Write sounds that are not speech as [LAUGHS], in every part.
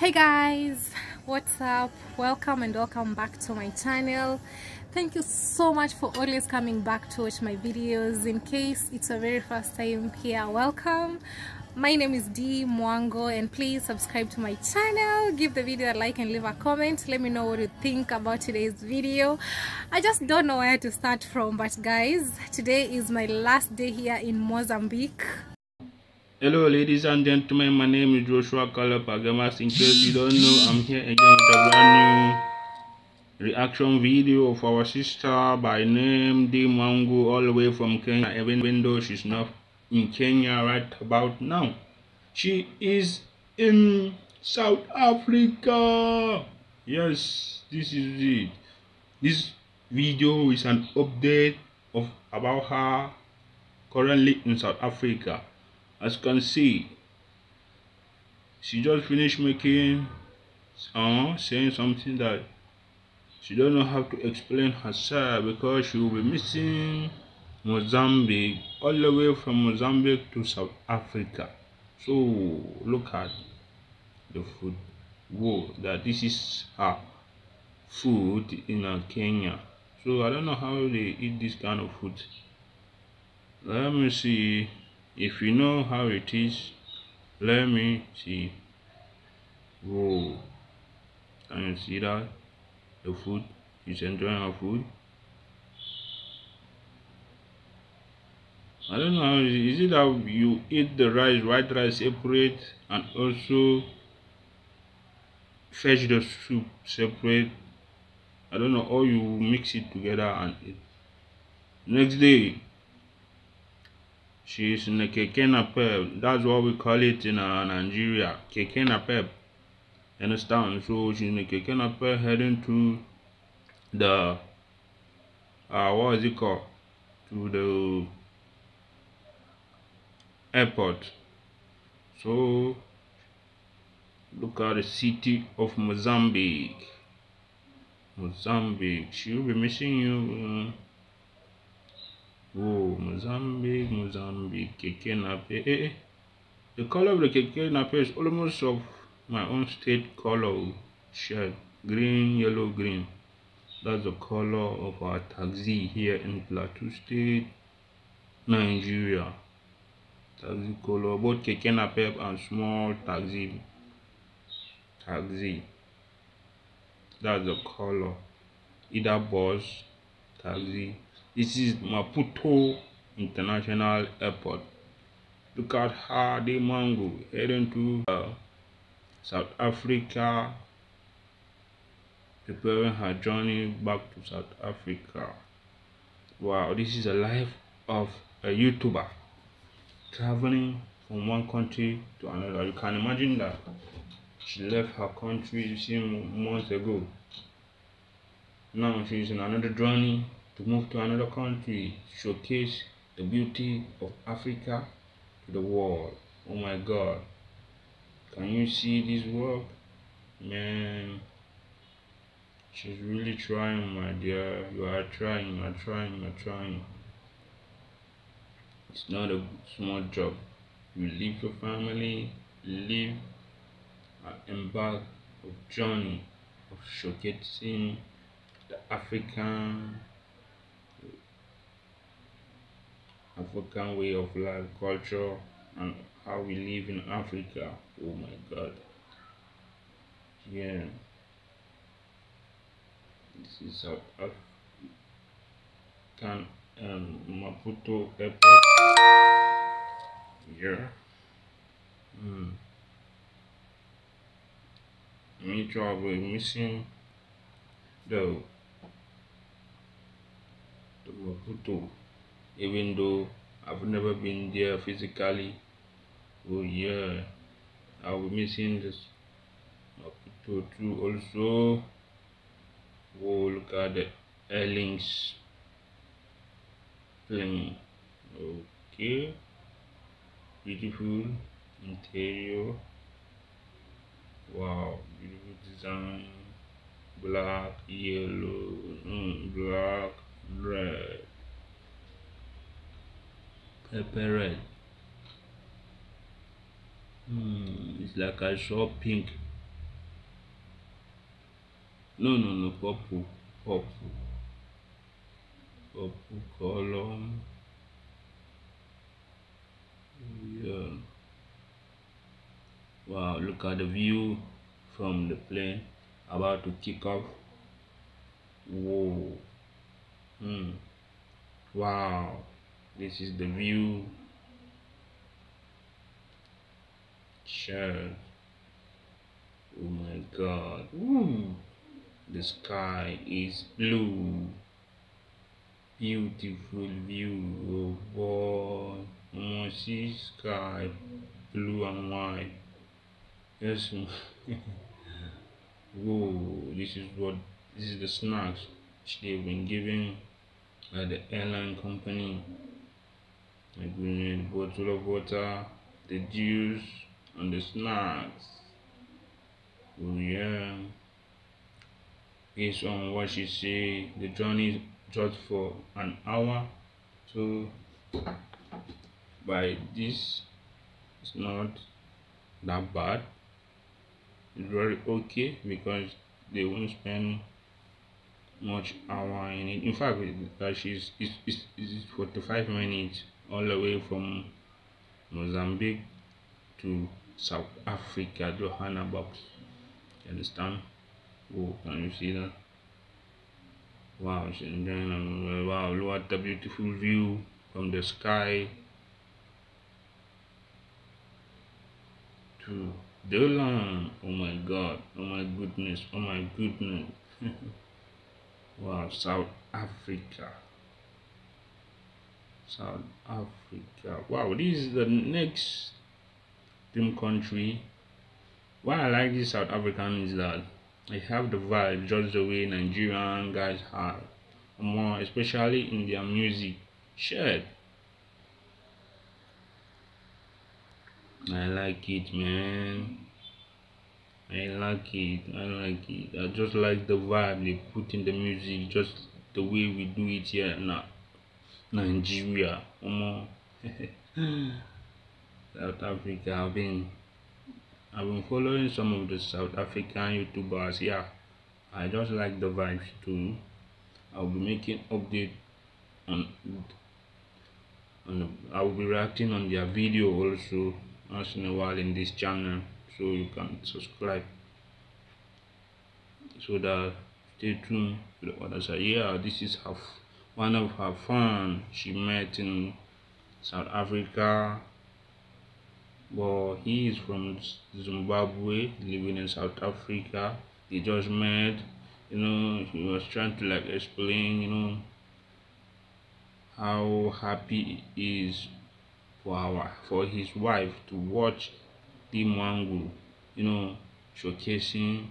hey guys what's up welcome and welcome back to my channel thank you so much for always coming back to watch my videos in case it's your very first time here welcome my name is Dee Mwango and please subscribe to my channel give the video a like and leave a comment let me know what you think about today's video I just don't know where to start from but guys today is my last day here in Mozambique Hello, ladies and gentlemen. My name is Joshua Color Pagamas. In case you don't know, I'm here again with a brand new reaction video of our sister by name D Mango, all the way from Kenya. Even though she's not in Kenya right about now, she is in South Africa. Yes, this is it. This video is an update of about her currently in South Africa as you can see she just finished making uh, saying something that she don't know how to explain herself because she will be missing Mozambique all the way from Mozambique to South Africa so look at the food Whoa! that this is her food in uh, Kenya so I don't know how they eat this kind of food let me see if you know how it is, let me see. Whoa. Can you see that? The food. She's enjoying her food. I don't know. Is it that you eat the rice, white rice separate, and also fetch the soup separate? I don't know. Or you mix it together and eat. Next day, she is in the keke napep. That's what we call it in uh, Nigeria. Keke napep. Understand? So she's in the keke napep heading to the uh, what is it called? To the airport. So look at the city of Mozambique. Mozambique. She'll be missing you. Uh, Oh, Mozambique, Mozambique, Keke Nape. Eh, eh, eh. The color of the Keke Nape is almost of my own state color shade. Green, yellow, green. That's the color of our taxi here in Plateau State, Nigeria. Taxi color, both Keke Nape and small taxi. Taxi. That's the color. Either bus taxi. This is Maputo International Airport. Look at the Mango heading to uh, South Africa, preparing her journey back to South Africa. Wow, this is a life of a YouTuber traveling from one country to another. You can imagine that she left her country some months ago now she's in another journey to move to another country, showcase the beauty of Africa to the world. Oh my God. Can you see this work? Man, she's really trying, my dear. You are trying, you are trying, you are trying. It's not a small job. You leave your family, leave, and embark of journey of showcasing the African African way of life, culture, and how we live in Africa. Oh my God. Yeah. This is South African um, Maputo Airport. Yeah. Mm. Me travel missing though. Maputo, even though I've never been there physically. Oh yeah, I'll be missing this Maputo too. Also, oh look at the airlines plane. Okay, beautiful interior. Wow, beautiful design. Black, yellow, mm, black red pepper red hmm it's like i saw pink no no no purple purple purple column. yeah wow look at the view from the plane about to kick off whoa Hmm. Wow. This is the view. Sure. Oh my god. Ooh. Hmm. The sky is blue. Beautiful view. Oh boy. I see sky blue and white. Yes. [LAUGHS] Whoa, this is what this is the snacks they've been giving at the airline company. Agreement, bottle of water, the juice, and the snacks. Oh yeah. Based on what she say, the journey just for an hour. So by this, it's not that bad. It's very okay because they won't spend much hour in it in fact she's it's, it's, it's 45 minutes all the way from mozambique to south africa johannesburg you understand oh can you see that wow wow look at the beautiful view from the sky to the land oh my god oh my goodness oh my goodness [LAUGHS] Wow, South Africa. South Africa. Wow, this is the next dream country. What I like this South African is that they have the vibe just the way Nigerian guys have, more especially in their music. Shared. I like it, man. I like it. I like it. I just like the vibe they put in the music, just the way we do it here in Nigeria. Um, [LAUGHS] South Africa. I've been I've been following some of the South African YouTubers. Yeah, I just like the vibes too. I'll be making update on on. I will be reacting on their video also once in a while in this channel so you can subscribe so that stay tuned to the other side yeah this is her one of her fans she met in south africa but he is from zimbabwe living in south africa He just met you know he was trying to like explain you know how happy he is for our for his wife to watch Lee Mwangwu, you know, showcasing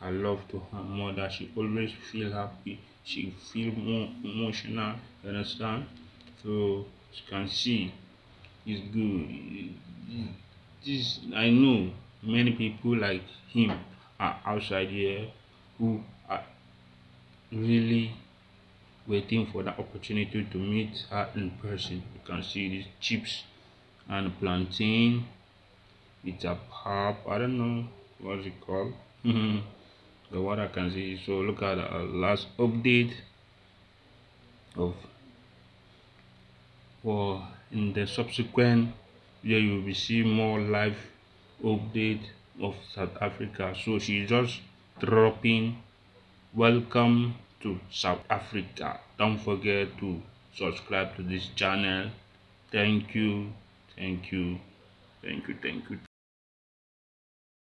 her love to her mother. She always feel happy. She feel more emotional. You understand? So you can see, it's good. This I know many people like him are outside here who are really waiting for the opportunity to meet her in person. You can see these chips and plantain it's a pop i don't know what's it called mm-hmm. the what i can see so look at our last update of or in the subsequent yeah you will see more live update of south africa so she just dropping welcome to south africa don't forget to subscribe to this channel thank you Thank you. Thank you. Thank you.